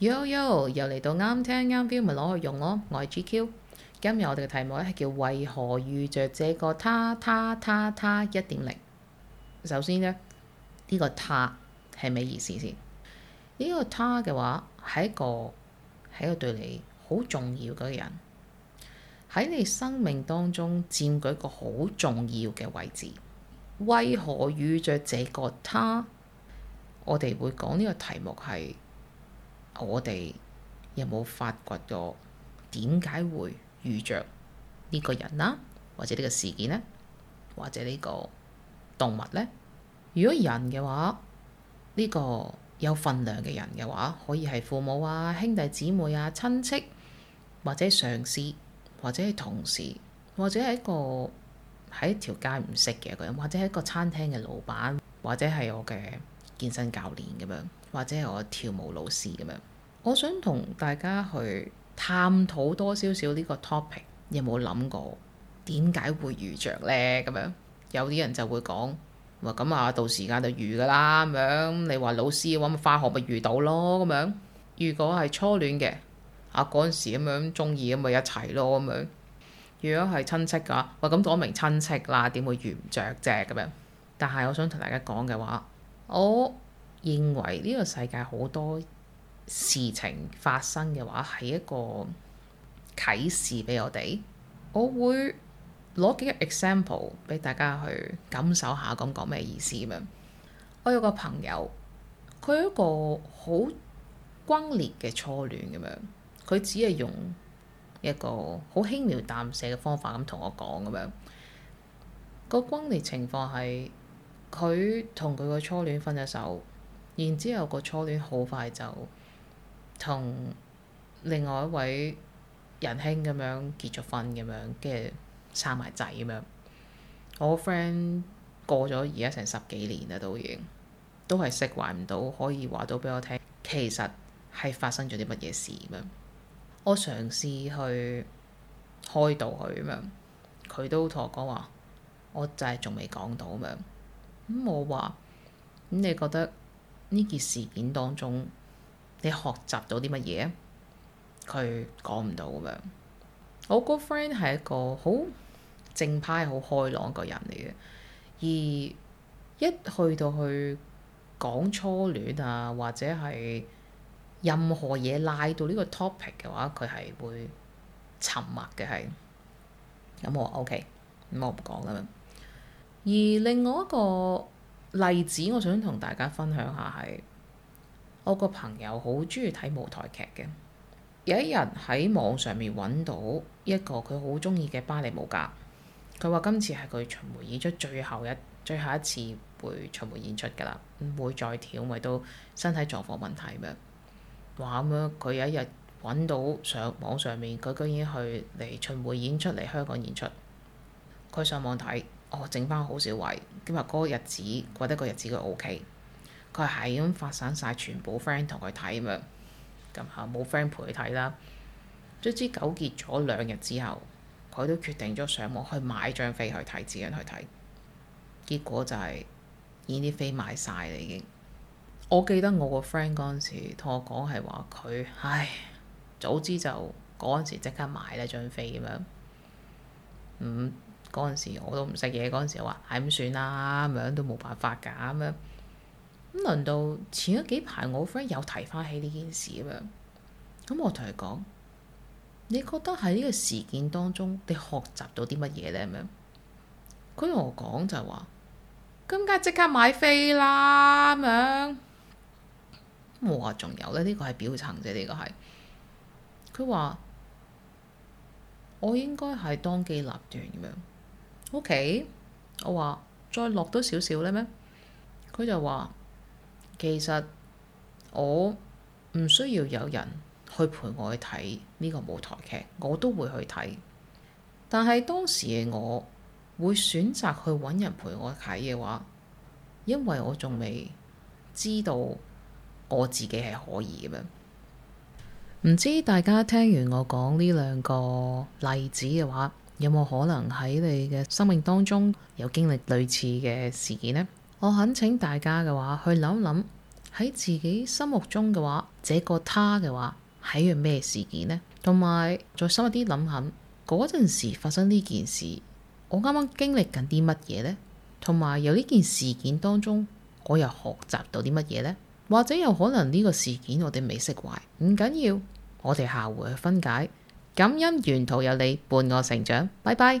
Yo Yo，又嚟到啱聽啱 feel，咪攞去用咯。我係 G Q，今日我哋嘅題目咧係叫為何遇着這個他他他他一點零。首先呢，呢個他係咩意思先？呢個他嘅話係一個係一個對你好重要嘅人，喺你生命當中佔據一個好重要嘅位置。為何遇着這個他？我哋會講呢個題目係。我哋有冇發掘過點解會遇着呢個人啦，或者呢個事件呢，或者呢個動物呢？如果人嘅話，呢個有份量嘅人嘅話，可以係父母啊、兄弟姊妹啊、親戚，或者上司，或者係同事，或者係一個喺條街唔識嘅一個人，或者係一個餐廳嘅老闆，或者係我嘅健身教練咁樣，或者係我跳舞老師咁樣。我想同大家去探討多少少呢個 topic，有冇諗過點解會遇着呢？咁樣有啲人就會講：哇咁啊，到時間就遇㗎啦。咁樣你話老師嘅話，咪化學咪遇到咯。咁樣如果係初戀嘅啊，嗰陣時咁樣中意咁咪一齊咯。咁樣如果係親戚㗎，哇咁講明親戚啦，點會遇唔着啫？咁樣但係我想同大家講嘅話，我認為呢個世界好多。事情發生嘅話，係一個啟示俾我哋。我會攞幾個 example 俾大家去感受下，咁講咩意思咁樣。我有個朋友，佢一個好轟烈嘅初戀咁樣。佢只係用一個好輕描淡寫嘅方法咁同我講咁樣。個轟烈情況係佢同佢個初戀分咗手，然之後個初戀好快就～同另外一位仁兄咁樣結咗婚咁樣，跟住生埋仔咁樣。我個 friend 過咗而家成十幾年啦，都已經都係釋懷唔到，可以話到俾我聽，其實係發生咗啲乜嘢事咁樣。我嘗試去開導佢咁樣，佢都同我講話，我就係仲未講到咁樣。咁、嗯、我話，咁、嗯、你覺得呢件事件當中，你學習到啲乜嘢？佢講唔到咁樣。我個 friend 係一個好正派、好開朗一個人嚟嘅，而一去到去講初戀啊，或者係任何嘢拉到呢個 topic 嘅話，佢係會沉默嘅係。咁、嗯、我 OK，咁、嗯、我唔講啦。而另外一個例子，我想同大家分享下係。我個朋友好中意睇舞台劇嘅，有一日喺網上面揾到一個佢好中意嘅芭蕾舞家，佢話今次係佢巡迴演出最後一最後一次會巡迴演出㗎啦，唔會再跳，咪為都身體狀況問題咩？樣。話咁樣佢有一日揾到上網上面，佢居然去嚟巡迴演出嚟香港演出。佢上網睇，哦，剩翻好少位。今日嗰個日子覺得個日子，佢 O K，佢係咁發散晒，全部 friend 同佢睇咁樣，咁嚇冇 friend 陪佢睇啦。總之糾結咗兩日之後，佢都決定咗上網去買張飛去睇自己去睇。結果就係呢啲飛買晒啦已經了了。我記得我個 friend 嗰陣時同我講係話佢，唉，早知就嗰陣時即刻買呢張飛咁樣。嗯，嗰陣時我都唔識嘢，嗰陣時我話，唉，咁算啦咁樣都冇辦法㗎咁樣。咁輪到前嗰幾排，我 friend 又提翻起呢件事咁樣。咁我同佢講，你覺得喺呢個事件當中，你學習到啲乜嘢呢？咁樣佢同我講就係話，咁梗係即刻買飛啦咁樣。我話仲有呢？呢個係表層啫，呢個係佢話我應該係當機立斷咁樣。OK，我話再落多少少呢？咩佢就話。其實我唔需要有人去陪我去睇呢個舞台劇，我都會去睇。但係當時嘅我會選擇去揾人陪我睇嘅話，因為我仲未知道我自己係可以嘅。唔知大家聽完我講呢兩個例子嘅話，有冇可能喺你嘅生命當中有經歷類似嘅事件呢？我懇請大家嘅話，去諗諗喺自己心目中嘅話，這個他嘅話係樣咩事件呢？同埋再深入啲諗下，嗰陣時發生呢件事，我啱啱經歷緊啲乜嘢呢？同埋由呢件事件當中，我又學習到啲乜嘢呢？或者有可能呢個事件我哋未釋懷，唔緊要，我哋下回去分解。感恩沿途有你伴我成長，拜拜。